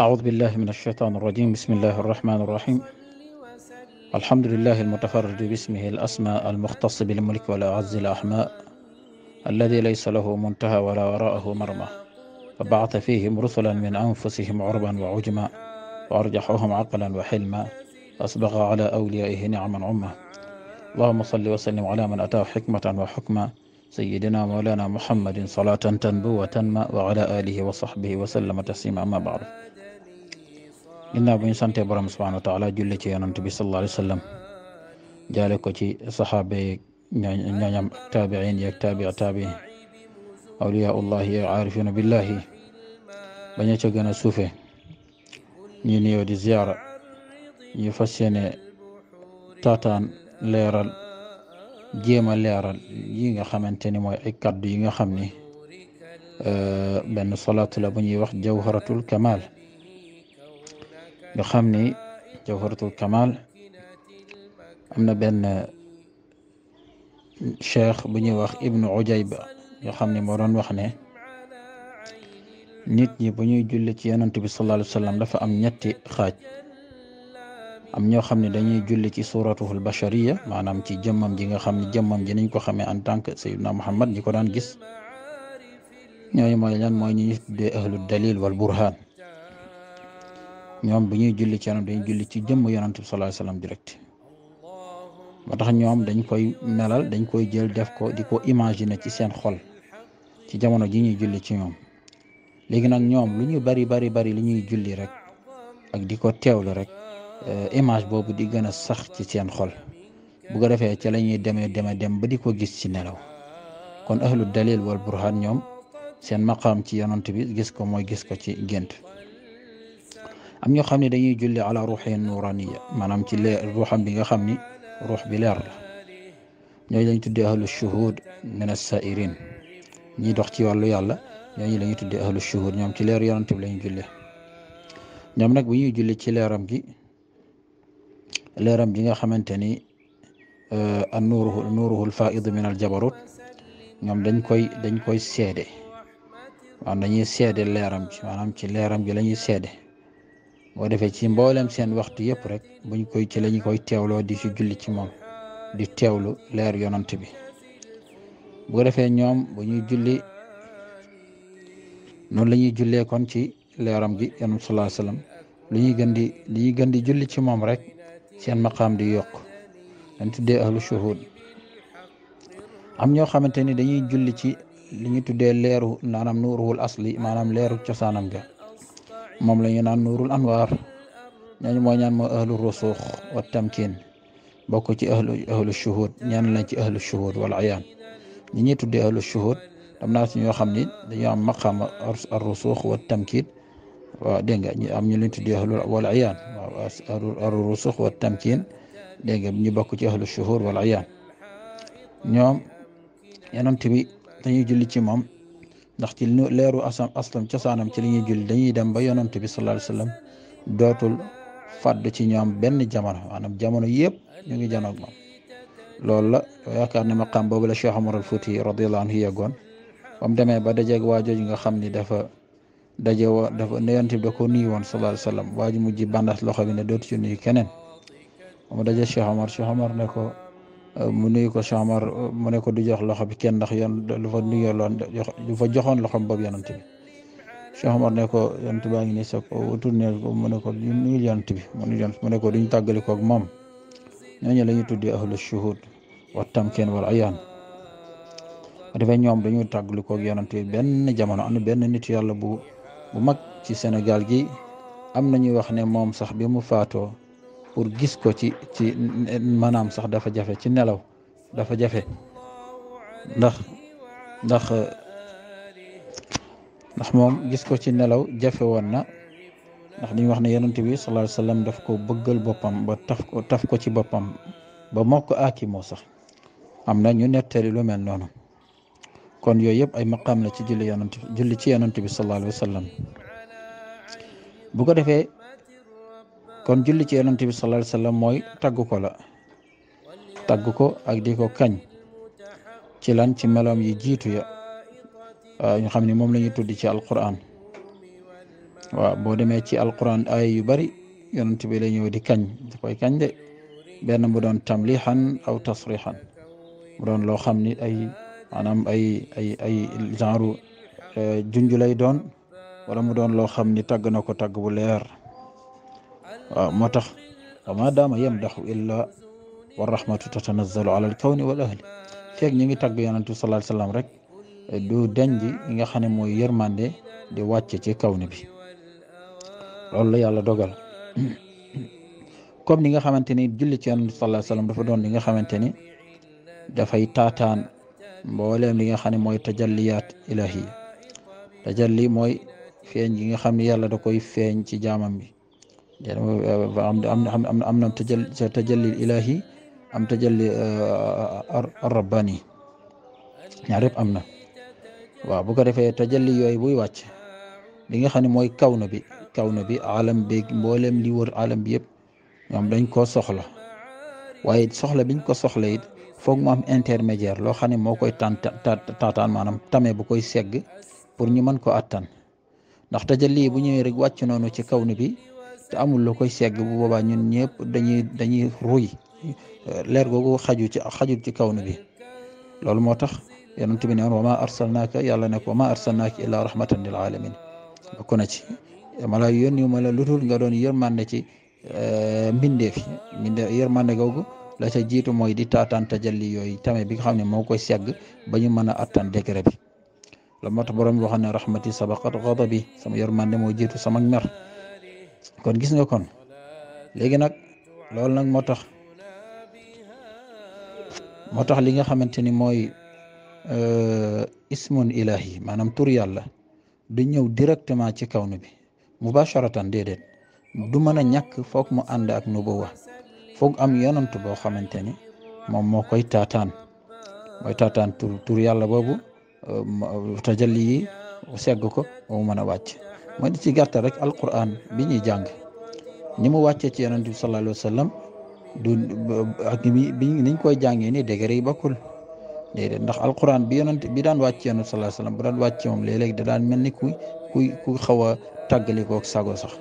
أعوذ بالله من الشيطان الرجيم بسم الله الرحمن الرحيم الحمد لله المتفرد باسمه الأسماء المختص بالملك والأعز الأحماء الذي ليس له منتهى ولا وراءه مرمى فبعث فيهم رسلا من أنفسهم عربا وعجما وأرجحهم عقلا وحلما أسبغ على أوليائه نعما عما اللهم صل وسلم على من أتاه حكمة وحكما سيدنا مولانا محمد صلاة تنبو وتنمى وعلى آله وصحبه وسلم تسليما أما بعد ginnaaw bu ñu santee borom subhanahu wa taala julli ci yonant bi sallallahu alayhi wa sallam jaale ko ci saxaaba yeeg ñooñam ak taabiin yeeg taabi taabi awliyaullahi yeeg aarifina billahi baña ca gën a suufe ñi nuyoo di ziyaara ñu fas yéene taataan leeral jéem a leeral yi nga xamante ni mooy ay kaddu yi nga xam ni benn salaatu la bu ñuy wax jawharatul kamal nga xam ni jawharatul kamal am na benn cheikh bu ñuy wax ibnu ujayba nga xam ne moo doon wax ne nit ñi bu ñuy julli ci yonent bi dafa am ñetti xaaj am ñoo xam ne dañuy julli ci suratuhul bashariya maanaam ci jëmmam ji nga xam ne jëmmam ji niñ ko xamee en tant que muhammad ñi ko daan gis ñooñu mooy lan mooy ñu ñu tuddee ahlul dalil wal burhan ñoom bu ñuy julli ci yonent dañuy julli ci jëmm yonent bi sallallahu alayhi wasallam tax ñoom dañ koy melal dañ koy jël def ko di ko imaginer ci seen xol ci jamono ji ñuy julli ci ñoom léegi nag ñoom lu ñu bari bari bari lu ñuy julli rek ak di ko teewlu rek euh, image boobu di gën a sax ci seen xol bu ko defee ci la ñuy demee deme dem ba di ko gis ci nelaw kon ahlu dalil wal burhan ñoom seen maqaam ci yonent bi gis ko mooy gis ko ci gént ñoo xam ne dañuy julli ala ruuxi nuraniya maanaam ci leer ruuxam bi nga xam ni bi leer la ñooñu lañ tuddee ahlu shuhud min as-saairin ñiy ci wàllu yàlla ñooñu la tuddee ahlu shuhud ñoom ci leer yonante bi lañu ñoom nag bu ñuy julli ci leeram gi leeram gi nga xamante ni euh, an nuuruhu nuuruhul faidu min al ñoom dañ koy dañ koy seede maanaam dañuy seede leeram gi maanaam ci leeram gi la seede boo defee ci mboolem seen waxtu yëpp rek buñ koy ci lañu koy teewloo di ci julli ci moom di teewlu leer yonant bi bu defee ñoom bu ñuy julli noonu la ñuy jullee kon ci leeram gi yonant sallallahu alayhi wasallam lu ñuy gën di li gën di julli ci moom rek seen maqaam di yokk dañ tuddee ahlu shuhud am ñoo xamante ni dañuy julli ci li ñu tuddee leeru maanaam nuuruwul asli maanaam leeru cosaanam ga moom la ñu naan nuurul anwaar ñooñu mooy ñaan mooy ahlu rusuux wa tamkin bokk ci ahlu ahlu shuhud ñaan lañ ci ahlu shuhud wala ayaan ñi ñuy tuddee ahlu shuhud am naa ñoo xam ni dañoo am maqaama ar rusuux wa tamkin waaw nga am ñu leen tuddee ahlu wala ayaan waaw ahlu rusuux wa ñu bokk ci ahlu shuhud wala ayaan moom. ndax ci leeru asam aslam cosaanam ci li ñuy julli dañuy dem ba yonent bi sallallahu alayhi wasallam dootul fàdd ci ñoom benn jamono anam jamono yëpp ñu ngi janoog moom loolu la yaakaar ne maqaam boobu la Cheikh Omar al Fouti radiyallahu anhu yeggoon ba mu demee ba dajeeg waa jooju nga xam ni dafa daje woo dafa yonent bi da ko nuyu woon sallallahu alayhi wasallam waa ji mujj bandas loxo bi ne dootu ci nuyu keneen mu daje Cheikh Omar Cheikh Omar ne mu nuyu ko Cheikh Omar mu ne ko du jox loxo bi kenn ndax yoon lu fa nuyoo loon lu fa joxoon loxo boobu yonent bi Cheikh Omar ne ko yonent baa ngi nii sa ko tourné ko mu ne ko du nuyu yonent mu nuyu yonent mu ne ko duñ tàggali koog moom ñooñu la tuddee ahlu shuhud wa tamkin wal ayaan dafay ñoom dañuy tàggali koog yonent bi benn jamono am na benn nit yàlla bu bu mag ci Sénégal gi am na ñuy wax ne moom sax bi mu faatoo. pour gis ko ci ci maanaam sax dafa jafe ci nelaw dafa jafe ndax ndax ndax moom gis ko ci nelaw jafe woon na ndax dañuy wax ne yonent bi sallallahu alayhi wasallam daf ko bëggal boppam ba taf ko taf ko ci boppam ba mokk aakimoo sax am na ñu nettali lu mel noonu kon yooyu yëpp ay maqaam na ci julli yonent julli ci yonent tibi sallallahu alayhi wasallam bu kon julli ci yonent bi sallallahu alayhi mooy tagg ko la tagg ko ak kañ ci lan ci meloom yi jiitu ya ñu xam ni moom la ñuy tudd ci alquran waaw boo demee ci alquran ay yu bari yonent bi la ñëw di kañ koy kañ de benn mu doon tamlihan aw tasrihan mu doon loo xam ni ay maanaam ay ay ay genre eh, junj lay doon wala mu doon loo xam ni tàgg na ko tàgg bu leer waaw ah, moo tax wa ma daama yamdaxu illa wa rahmatu tatanazzalu ala alkawni wal ahli feeg ñu ngi tàgg yonent bi rek du denj yi nga xam ne mooy yërmande di wàcc ci kawni bi loolu la yàlla dogal comme ni nga xamante ni julli ci yonent bi sallallahu alayhi wasallam dafa doon li nga xamante ni dafay taataan mbooleem li nga xam ne mooy tajalliyaat ilahi tajalli mooy feeñ yi nga xam ne yàlla da koy feeñ ci jaamam bi am am na tajalli ilahi am tajalli ar-rabbani ñaar yëpp am na waaw bu ko defee tajalli yooyu buy wàcc li nga xam ne mooy kaw na bi kaw na bi alam beeg mbooleem li wor alam bi yëpp ñoom dañ koo soxla waaye soxla biñ ko soxla it foog mu am intermédiaire loo xam ne moo koy taan taataan maanaam tame bu koy segg pour ñu mën ko attan ndax tajalli bu ñëwee rek wàcc noonu ci kaw na bi te amul loo koy segg bu boobaa ñun ñëpp dañuy dañuy ruy euh, leer googu xaju ci xajul ci kaw na bi loolu moo tax yonent bi neen wa ma arsalnaaka yàlla ne ko wa ma arsalnaaka illaa rahmatan lil alamin bokk na ci dama la yónni ma la lutul nga doon yërmande ci euh, mbindeef yi mbindeef yërmande googu la ca jiitu mooy di taataan tajalli yooyu tame bi nga xam ne moo koy segg ba ñu mën a attan degré bi loolu moo tax borom bi wax ne rahmati sabaqat ghadabi sama yërmande moo jiitu sama mer kon gis nga kon léegi nag loolu nag moo tax moo tax li nga xamante ni mooy euh, ismun ilahi maanaam tur yàlla du ñëw directement ci kaw nu bi mubasharatan déedéet du mën a ñàkk foog mu ànd ak nubuwa foog am yonant boo xamante ni moom moo koy taataan mooy taataan tur yàlla boobu euh, tajalli yi segg ko mu mën a wàcc mooy di ci gàttal rek alquran bi ñuy jàng ni mu wàccee ci yonent bi sallallahu alayhi wa sallam du ak niñ koy jàngee ni degré yi bokkul déedéet ndax alquran bi yonent bi daan wàcc ci yonent bi bu daan wàcc moom léeg mel ni ku ku ku xaw a tàggalikook sago sax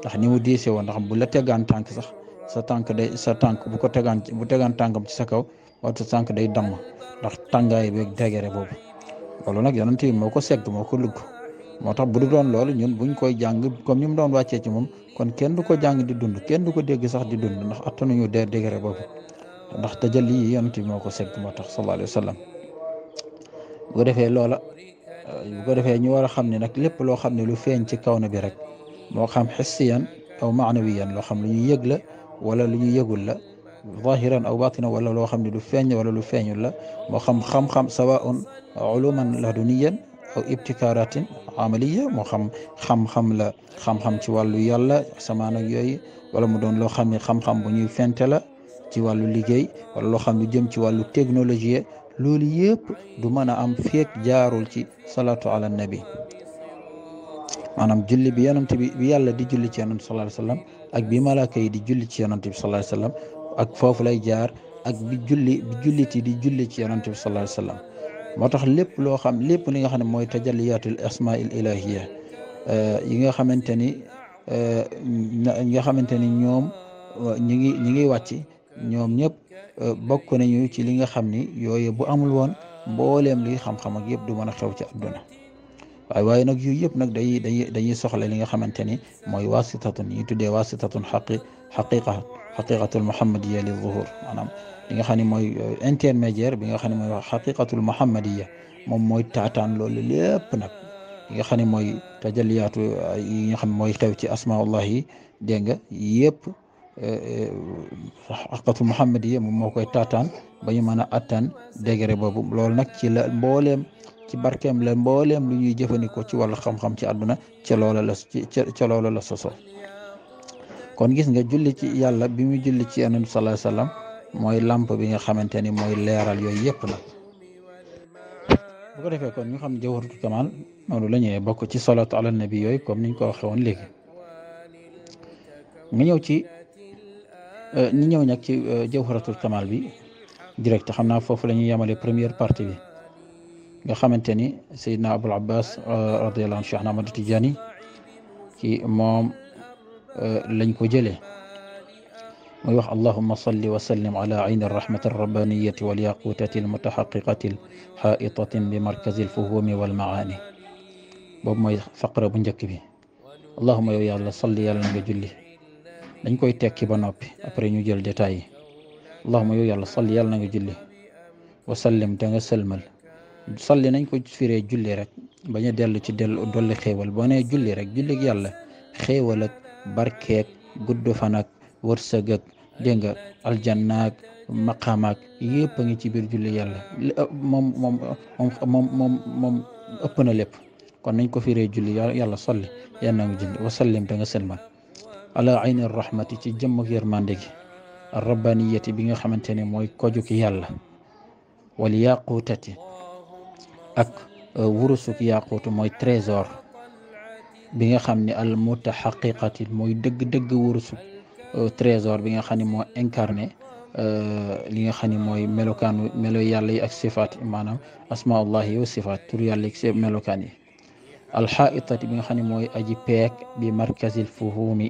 ndax ni mu diisee woon ndax bu la tegan tànk sax sa tànk day sa tànk bu ko tegaan bu tegaan tànkam ci sa kaw wala sa tànk day damm ndax tàngaay beeg degré boobu loolu nag yonent moo ko segg moo ko lugg moo tax bu du doon loolu ñun buñ koy jàng comme ni mu doon wàccee ci moom kon kenn du ko jàng di dund kenn du ko dégg sax di dund ndax attanuñu dee degré boobu ndax tajal yi yonent moo ko segg moo tax sallallahu alayhi wa sallam defee loola euh, bu ko defee ñu war a xam ne nag lépp loo xam ne lu feeñ ci kaw na bi rek moo xam xissiyan aw maanawiyan loo xam lu ñu yëg la wala lu ñu yëgul la zahiran aw batinan wala loo xam ne lu feeñ wala lu feeñul la moo xam xam-xam sawaun uluman laduniyan aw ibtikaratin amaliya moo xam xam la xam-xam ci wàllu yàlla asamaan ak wala mu doon loo xam ne xam bu ñuy fente la ci wàllu liggéey wala loo xam ne jëm ci wàllu technologie loolu yëpp du mën a am feek jaarul ci salaatu ala nabi maanaam julli bi yonent bi bi yàlla di julli ci yonent sallallahu alayhi wasallam ak bi malaaka di julli ci yonent bi sallallahu alayhi ak foofu lay jaar ak bi julli bi di julli ci yonent bi sallallahu alayhi wasallam motax lépp lo xam lépp li nga xam moy tajalliyatul asma'il ilahiyya euh yi nga xamanteni euh nga xamanteni ni ñoom ñi ngi ñi ngi wàcc ñoom ñep bokku nañu ci li nga xamni yoyé bu amul won mbooleem li xam-xam ak yëpp du mëna xew ci aduna waaye way nak yoy yëpp nak day dañuy dañuy soxla li nga xamanteni moy wasitatun yi tuddé wasitatun haqi haqiqa xaqiqatul muhammadiyya li dhuhur manam li nga xam ne mooy euh, intermédiaire bi nga xam ne mooy xaqiqatul muhammadiya moom mooy taataan loolu lépp nag li nga xam ne mooy tajaliyatu euh, yi nga xam mooy xew ci asmaullah yi dégg nga yëpp xaqiqatul euh, muhammadiya moom moo koy taataan ba ñu mën a attaan degré boobu loolu nag ci la mbooleem ci barkeem la mbooleem lu ñuy jëfandikoo ci wàllu xam-xam ci àdduna ca loola la ca loola la soso kon gis nga julli ci yàlla bi muy julli ci yonent bi sallallahu mooy lamp bi nga xamante ni mooy leeral yooyu yëpp nag bu ko defee kon ñu xam jawharatul kamal noonu la ñëwee bokk ci salaatu ala nabi yooyu comme niñ ko waxee woon nga ñëw ci euh, ñi ñëw nag ci euh, jawharatul kamal bi direct xam naa foofu la ñuy yemale première partie bi nga xamante ni Seydina Abul Abbas euh, radiyallahu anhu Cheikh Ahmad Tidiane ci moom lañ ko jëlee ويوح اللهم صل وسلم على عين الرحمة الربانية والياقوتة المتحققة الحائطة بمركز الفهوم والمعاني بوب موي فقرة بنجك اللهم يا الله صل يا الله بجلي دنجكوي تيكي بنوبي ابري نيو جيل اللهم يا الله صل يا الله بجلي وسلم تنغ سلمل صل نانكو فيري جولي رك باني ديلو سي ديل دولي خيوال بوني جولي رك جولي يالله خيوالك بركيك غدو wërsëg ak dégg nga aljannaak maqaamaak yëpp a ngi ci biir julli yàlla moom moom moom moom moom ëpp na lépp kon nañ ko firee julli yàlla solli yàlla na nga jënd wa sallim da nga sëlmal ci jëmm ak yërmande gi bi nga xamante ne mooy kojug yàlla wal ak e, wurusuk yaquutu mooy trésor bi nga xam ne al mooy dëgg-dëgg wurusuk trésor bi nga xamni mo incarné euh li nga xamni moy melokan melo yàlla ak sifat manam asma allah wa sifat tur yàlla yi melokan yi alxaitati bi nga xamni moy aji pek bi markazil fuhumi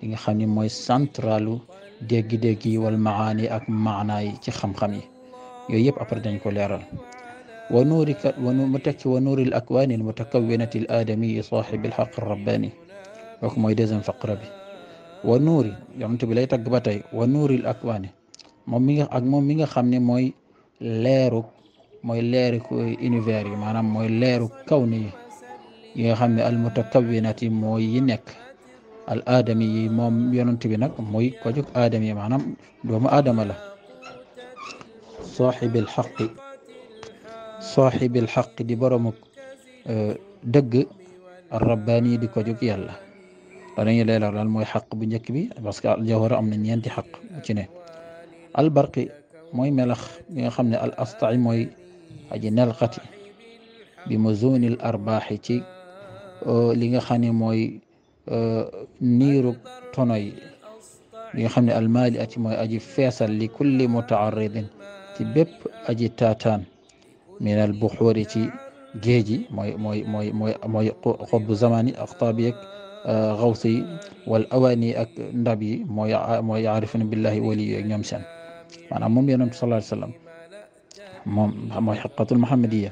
li nga xamni moy centralu dégg-dégg yi wal maani ak maana yi ci xam-xam yi yoy yep après dañ ko leral wa nuurika mu tekki wa nuuril akwaani al mutakawinati al aadamiyi saaxibi alxaq rabbani wa mooy deuxième faqra bi wa nuuri yonent bi lay tagg ba tey wa ak akwaani moom mi nga ak moom mi nga xam ne mooy leeruk mooy leeru univers yi maanaam mooy leeru kaw ni yi xam ne al mutakawinat yi mooy yi nekk al aadami yi moom yonent bi nag mooy ko jóg aadami maanaam doomu aadama la saaxibil xaqi saaxibil xaqi di boromuk eh, dëgg yi di ko jóg yàlla wala ñu leeral lan mooy xaq bu njëkk bi parce que al jawhara am na ñeenti xaq ci ne al barqi mooy melax bi nga xam ne al astai mooy aji nelxati bi mazunil arbaaxi ci li nga xam ne mooy niiru tono yi li nga xam ne almaali ati mooy aji feesal li kulli mutaaridin ci bépp aji taataan min al buxuuri ci géeji mooy mooy mooy mooy mooy xobu zamani ak taabi yeeg غوثي والأواني أك نبي ما يعرفني بالله ولي يوم سن أنا مم ينام صلى الله عليه وسلم مم ما حقة المحمدية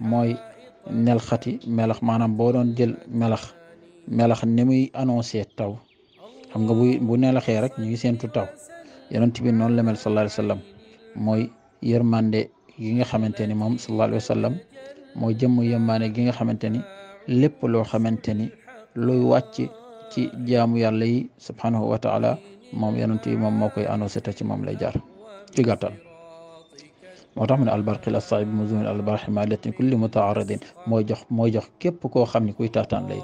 ما نلختي ملخ ما نام بورون جل ملخ ملخ نمي أنا وسيت تاو هم قبوي بنا لخيرك نيسين تتاو ينام تبي نون لمل صلى الله عليه وسلم ما يرمandi جينا خمنتني مم صلى الله عليه وسلم ما جم يرمandi جينا خمنتني لب لو خمنتني luy wàcc ci jaamu yàlla yi subhanahu wa taala moom yonent yi moom moo koy annoncé te ci moom lay jaar ci gàttal moo tax mu ne albarqi la saib muzun albarxi ma latin kulli mutaaradin mooy jox mooy jox képp koo xam ne kuy taataan lay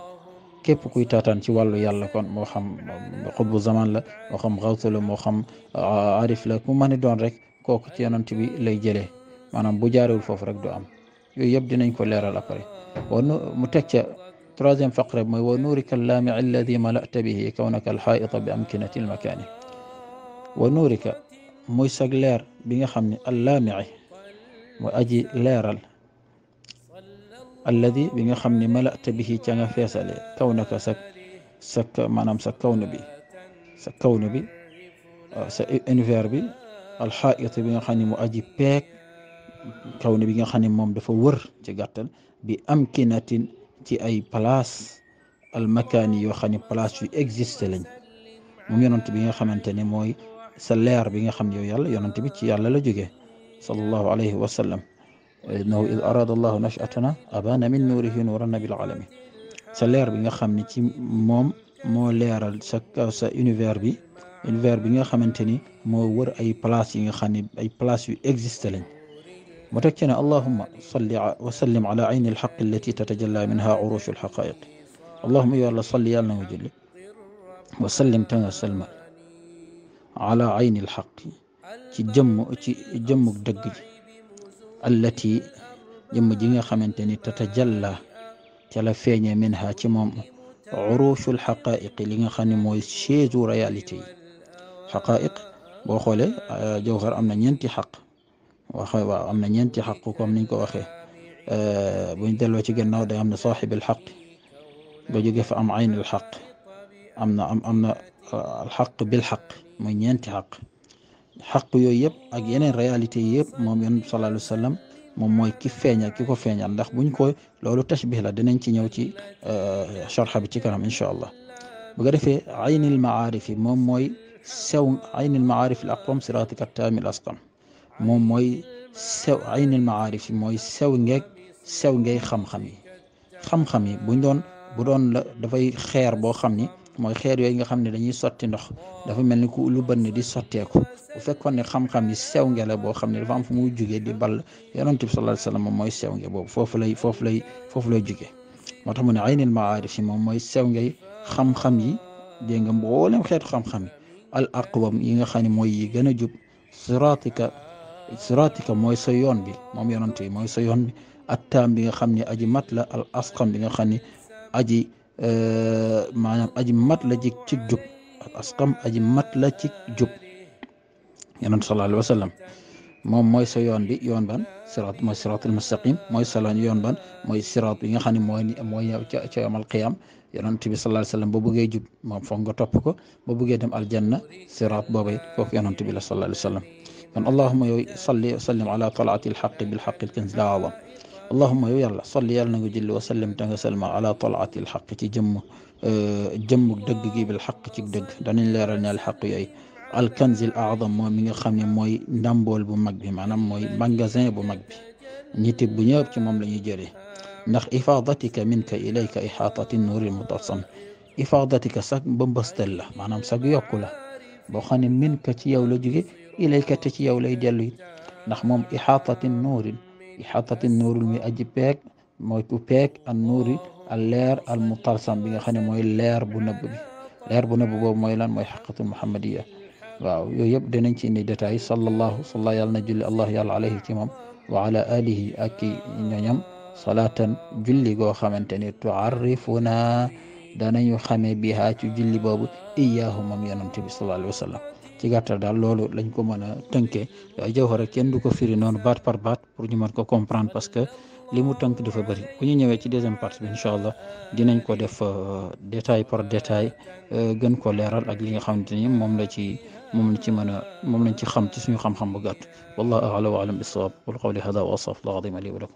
képp kuy taataan ci wàllu yàlla kon moo xam xutbu zaman la moo xam xawsa la moo xam arif la ku mën a doon rek kooku ci yonent bi lay jëlee maanaam bu jaarewul foofu rek du am yooyu yëpp dinañ ko leeral après mu teg ca ترازم فقرب مي ونورك اللامع الذي ملأت به كونك الحائط بأمكنة المكان ونورك مي سجلير بنخم اللامع وأجي ليرل الذي بنخم ملأت به كان فيصل كونك سك سك ما نم سكون بي سكون بي آه، سانفير بي الحائط بين خاني مؤجي بيك كون بين خاني موم دفا بامكنه ci ay place almakaani yoo xam ne place yu existé lañ moom yonent bi nga xamante ne mooy sa leer bi nga xam ne yow yàlla yonent bi ci yàlla la jógee sallallahu alayhi wa sallam innahu id arada allahu nashatana abana min nuurihi nuuran nabil alamin sa leer bi nga xam ne ci moom moo leeral sa sa univers bi univers bi nga xamante ni moo wër ay place yi nga xam ne ay place yu existé lañ متكنا اللهم صل وسلم على عين الحق التي تتجلى منها عروش الحقائق اللهم يا الله صل يا وجل وسلم تنسلم على عين الحق جمك دقي التي يم جيغا خمنتني تتجلى تلا فيني منها تمام عروش الحقائق اللي خاني موي شيزو رياليتي حقائق بوخولي جوهر امنا ننتي حق واخي وامنا ننتي حقكم نينكو واخي أه بوين دلو تيجي النهار دي امنا صاحب الحق بوجي قف ام عين الحق امنا ام امنا الحق بالحق من ينتي حق حق يو يب اجينا رياليتي يب مم ينب صلى الله عليه وسلم مم موي كيف فينيا كيف فينيا ندخ بوين كوي لولو تشبه لا دنين تي نيوتي أه شرحة بتكرم ان شاء الله بغرفة عين المعارف مم موي سو عين المعارف الأقوم صراطك التام الأسقم moom mooy sew ay nil maarif yi mooy sew ngeeg sew ngay xam-xam yi xam-xam yi buñ doon bu doon la dafay xeer boo xam ni mooy xeer yooyu nga xam ne dañuy sotti ndox dafa mel ni ku lu bënn di sotteeku bu fekkoon ne xam-xam yi sew nge la boo xam ne dafa am fu muy jugee di ball yonent bi sallallahu alayhi wasallam mooy sew nge boobu foofu lay foofu lay foofu lay jugee moo tax mu ne aynil maarif yi moom mooy sew ngay xam-xam yi dégg nga mboolem xeetu xam-xam yi al aqwam yi nga xam ne mooy yi gën a jub siraatika siraatika mooy sa yoon bi moom yonante yi mooy sa yoon bi bi nga xam ne aji mat la al asqam bi nga xam ne aji euh, maanaam aji mat la ci ci jub al asqam aji mat la ci jub yonante sallallahu alayhi wa sallam moom mooy sa yoon bi yoon ban siraat mooy siraatul mustaqim mooy sa yoon ban mooy siraat bi nga xam ne mooy mooy ca ca yawmal qiyaam yonent bi sallallahu alayhi boo bëggee jub moom foog nga topp ko boo bëggee dem aljanna siraat boobu it foofu yonent bi la sallallahu alayhi من اللهم صلي وسلم على طلعة الحق بالحق الكنز الأعظم اللهم يلا صلي يلا نجل وسلم تنسلم على طلعة الحق تجم جم آه، دقي بالحق تدق دان لنا الحق أي الكنز الأعظم مو من خمي موي نمبول بمقبي معنا موي مانغازين بمقبي نيتي بنيوب كي مام جري نخ إفاضتك منك إليك إحاطة النور المتصم إفاضتك ساك بمبستلة معنا مساق يأكله بخاني منك تيولو ilayka te ci yow lay dellu it ndax moom ixaatati nuurin ixaatati nuurul mi aji peeg mooy ku peeg an nuuri al leer al mutalsam bi nga xam ne mooy leer bu nëbb bi leer bu nëbb boobu mooy lan mooy xaqatul muhammadiya waaw yooyu yëpp dinañ ci indi détail sallallahu salla yàlla na julli allah yàlla alayhi ci moom wa ala alihi ak i ñoñam salaatan julli goo xamante ni tuarrifuna danañu xamee bihaa ci julli boobu iyaahu moom yonent bi sallallahu alayhi wa sallam ci gàttal daal loolu lañ ko mën a tënkee jawhar kenn du ko firi noonu baat par baat pour ñu mën ko comprendre parce que li mu tënk dafa bëri bu ñu ñëwee ci deuxième partie bi incha allah dinañ ko def euh, détail par détail euh, gën ko leeral ak li nga xamante ni moom la ci moom lañ ci mën a moom lañ ci xam ci suñu xam-xam bu gàtt wallahu a'lam wa a'lam bis-sawab wal qawli hada wa astaghfirullah al-azim li wa lakum